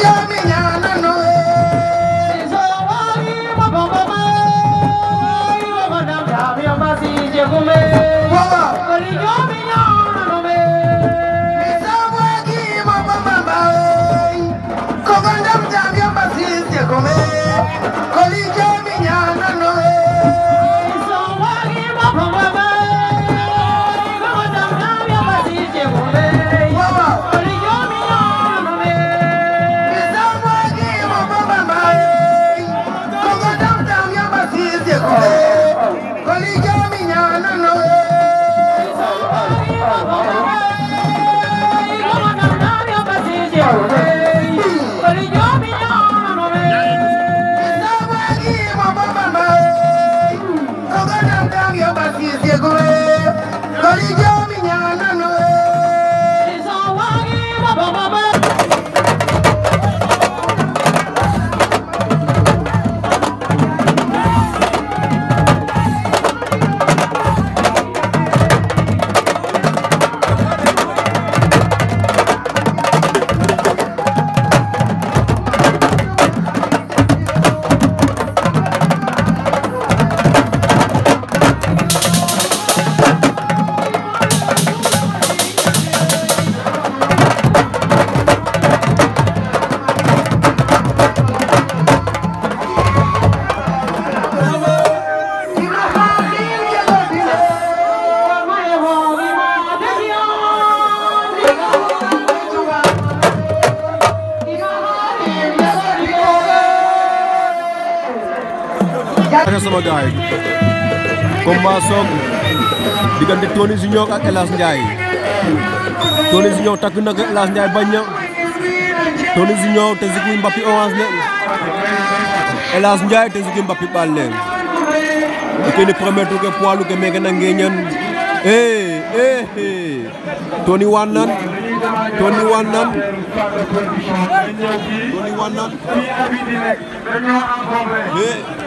Olha minha Ndiaye combat soog diggante Tony Junior ak Elas Ndiaye Tony Junior takk na ko Elas Ndiaye bañ na Tony Junior te Ziggy Mbappé orange le Elas Ndiaye te Ziggy Mbappé ɓal le e kene premier tour ke poids na ngeñan e Tony wan nan Tony wan nan eh.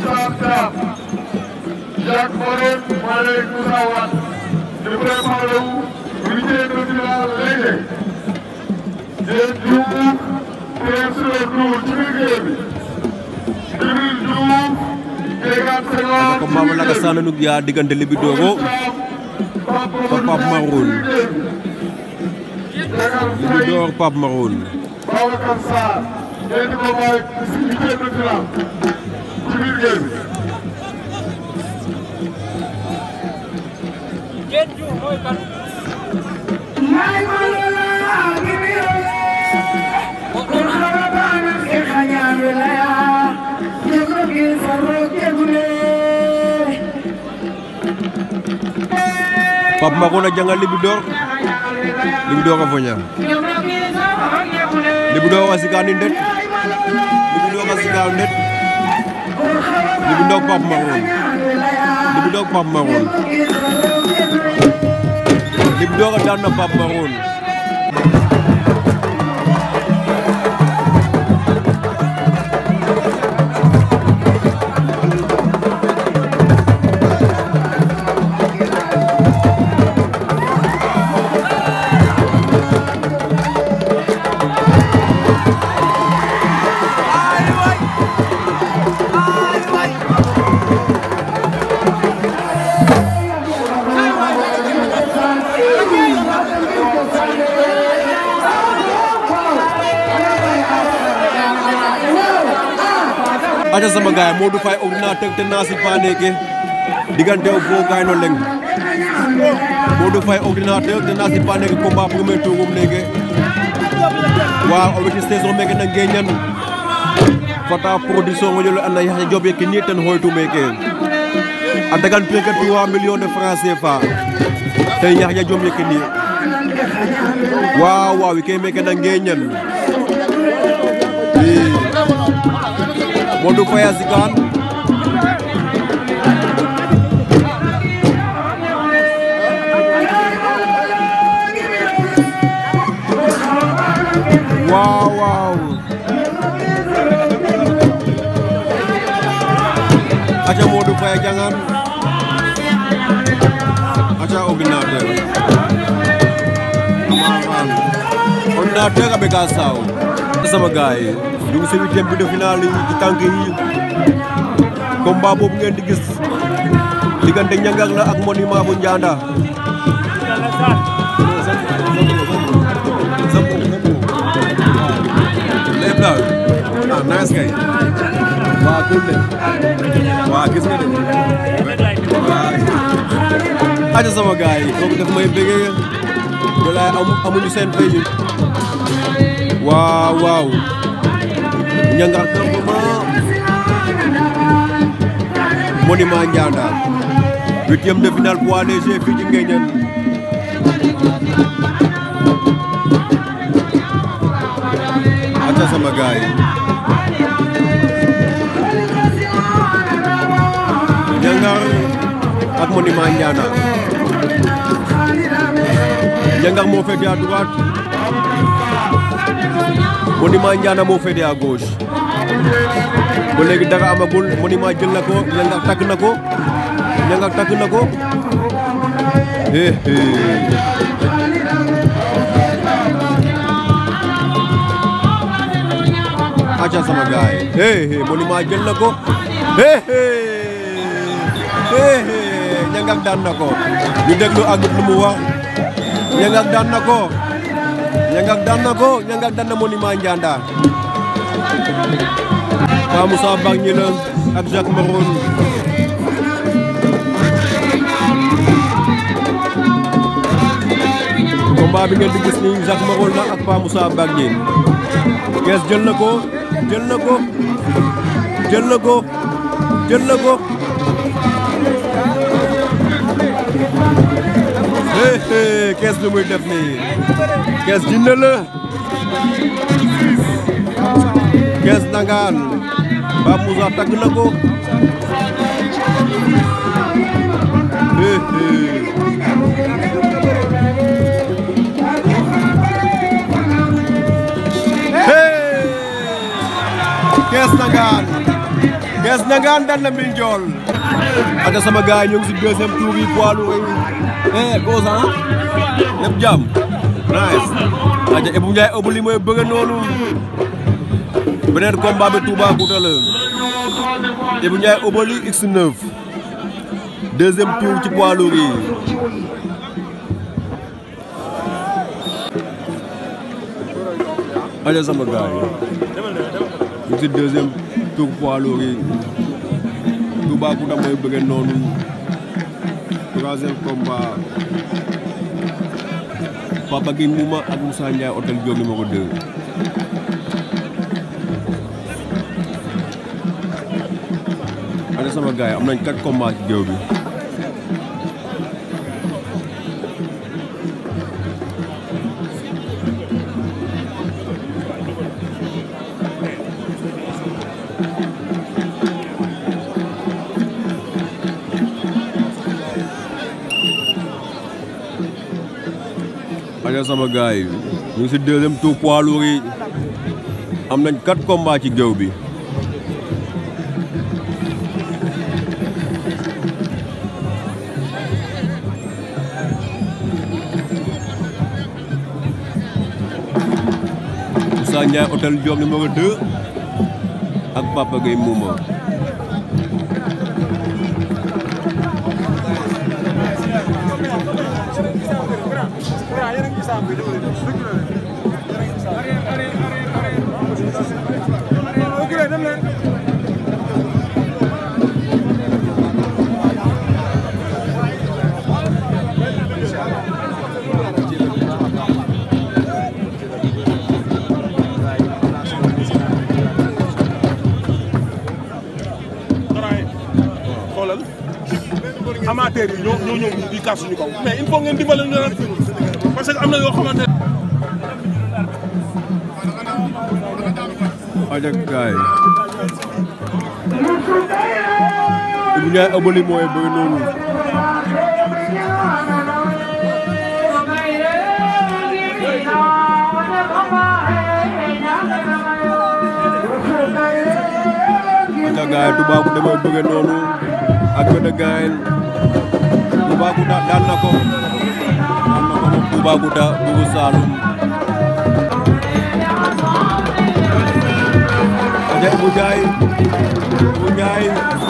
Moussa Sarr Jacques Morène mooy léegi Moussa Wade ñu préparé wu liggéey bi dina léegi. yéen Diouf tey sur le tour ci nu yaa diggante Libi Dogo. Libi Dogo Pape Maroon. Babacar Sarr. yéen di ko bàyyi ci biir géej bi dina. biir réew na jangal libi la libi jéego ko saroo libi Pape Makhona jangal Libidor libi ka foña Libidor li bu ndoog Pape Maroon li bu ndoog Pape Maroon li na Pape Maroon Modou Faye ordinateur ten na sipa neke diggante o fo gayno leng ordinateur ten na sipa neke combat premier tourgum neke wa o weti saison meke na ngeñan fata production o jolo anda yaxya job yeke ni ten xooytu meke a dagan prix que 3 de francs CFA ten yaxya jom yeke ni waaw waaw ke meke na ngeñan Modou Faye waaw waaw aca Modou Faye a jangan aca ordinateur ama xan ordinateur a ɓeka saaw ñu ngi si huitième bi de finale yi ci tànk yi combat boobu ngeen di gis diggante Niangax la ak monument bu Ndianda ah nice kay waa cool de waa gis nga de waa aja sama gars yi comme daf may bëggee walaay amuñu seen fay ñanga campement monument Ndiandar huitième de finale poids léger fii ci Nguéniène aca sama gaay ñangar ak monument Ndiandar ñangar moo féete à droite Monument Ndiana moo féete à gauche ba léegi dara amagul ma jël na ko ñanga takk na ko ñanga takk acha sama gaay eh eh Monument jël na ko eh eh eh ñanga daan na ñu déglu lu mu wax ñanga Niangak daan na ko Niangak daan na monument Ndianda Pa Moussa Bargny la ak Jacques Maroon combat bi ngeen di gis nii Jacques Maroon la ak Pa Moussa Bargny Kees jël na ko jël na ko jël na ko jël na ko Kees lu muy def Kees jinne la Kees na ko Kees Ndangaan Kees Ndangaan daan na Mbine Ndiol ata sama gaay ñoo ngi ci deuxième yi poids eh Gosa lépp jàmm nice aja Ibou Ndiaye mooy bëgg noonu beneen combat bi Toubacouta la Ibou Ndiaye X9 deuxième tour ci poids aja sama gars yi ci deuxième tour poids lourd yi mooy bëgg noonu troisième combat Papa Gueye Mouma ak Moussa Ndiaye hôtel Diop numéro 2. ana sama gars am nañ quatre combats ci géew bi. sama gars yi ñu ngi si deuxième tour poids yi am nañ quatre combats ci géew bi Moussa Ndiaye hôtel Diop numéro 2 ak Papa Gueye amateur yi ñoo ñoo ñëw di kaas suñu kaw mais il faut ngeen dimbale ñu parce que am na yoo xamante ne. waa dëgg gars yi. bu ñu ay abonné mooy bëgg noonu. waaw gars yi Toubacouta damay bëgg noonu ak benn gars yi Toubacouta daan na ko. Toubacouta Boubou Saloum aja Ibou Ndiaye Ibou Ndiaye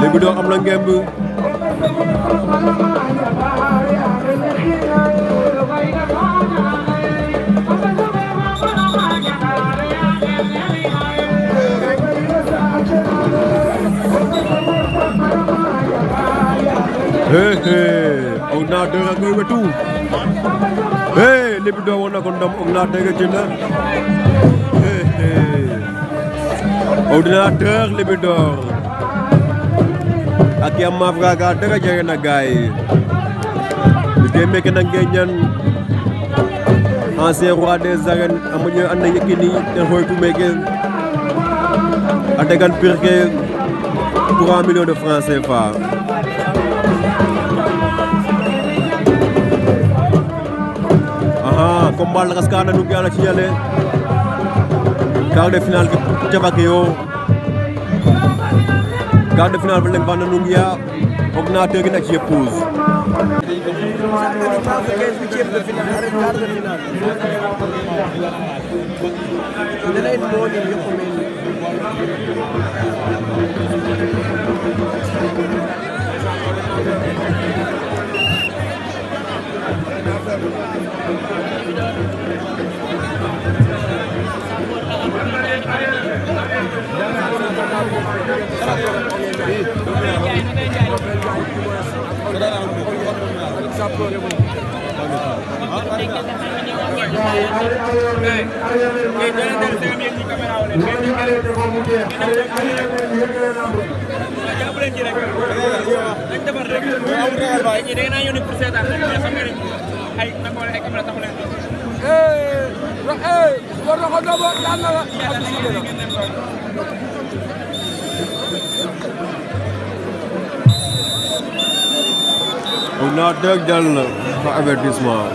léegi doo am na ngemb Hey, hey. Ordinateur a ngi wetu hey Libidor woon na ko ndam Ordinateur nga jënd hey hey Ordinateur ak yam maaf gaa gaa dëgg jege na gaay liggéey mekke na ngeen ñan ancien roi des arènes amuñu an na Yékini ten a degan pir ke 3 millions de francs CFA aha combat lakas ka anda nu mbi'an a ci'ale quart de finale ke cafake yo quart de finale Vélingara Vandanoungea ordinateur gi nekk ci pause. war na ko doon daan na la non dëgg jàll na fa avertissement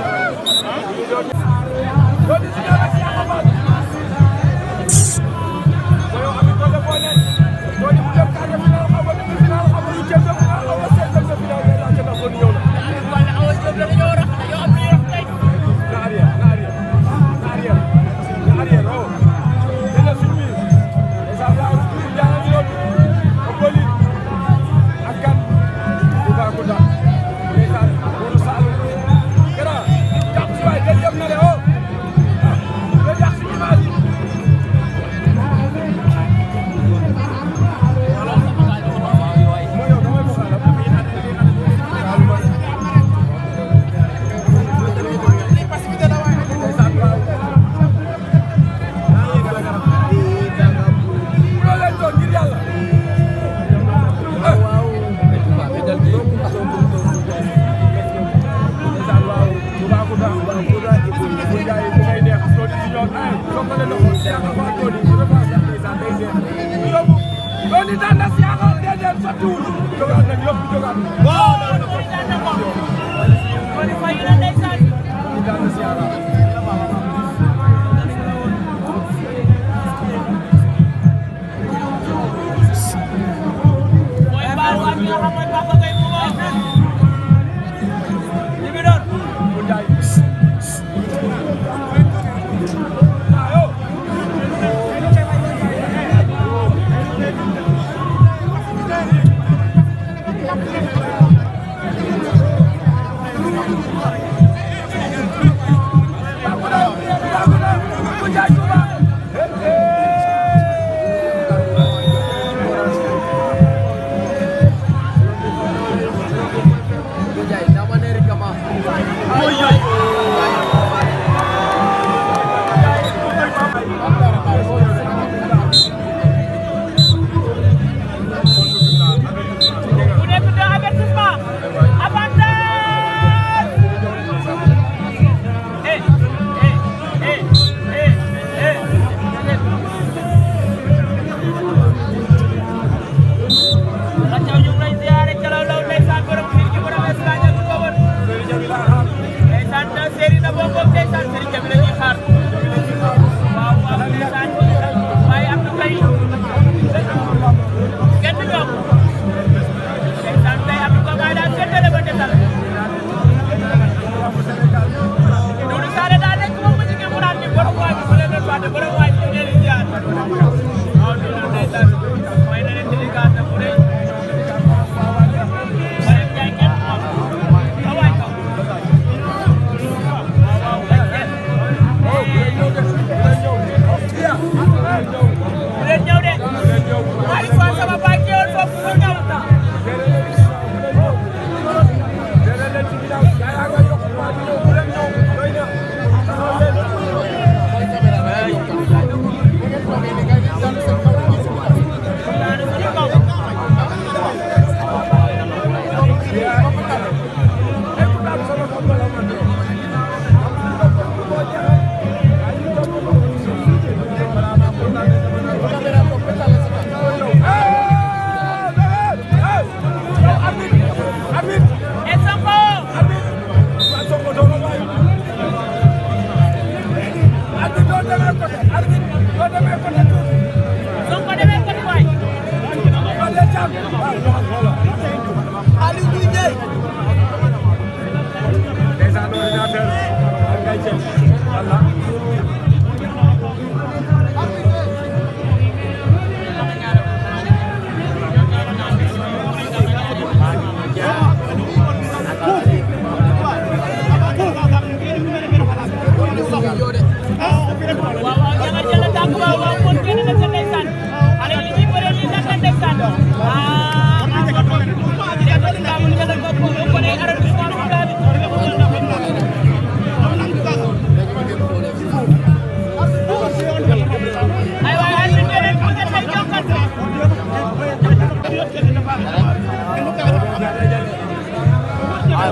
à l'ordinateur.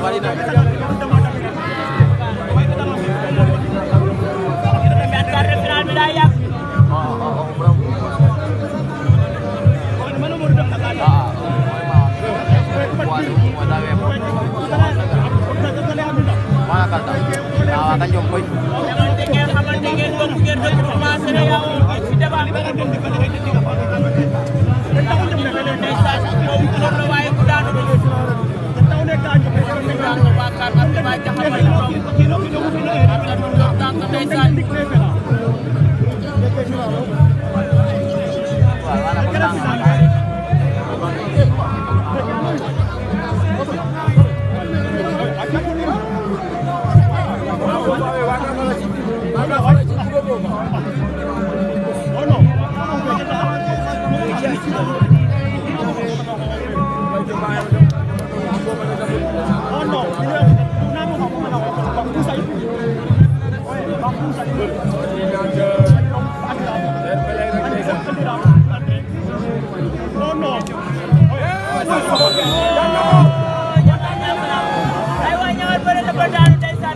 waaye ku daanu Thank you.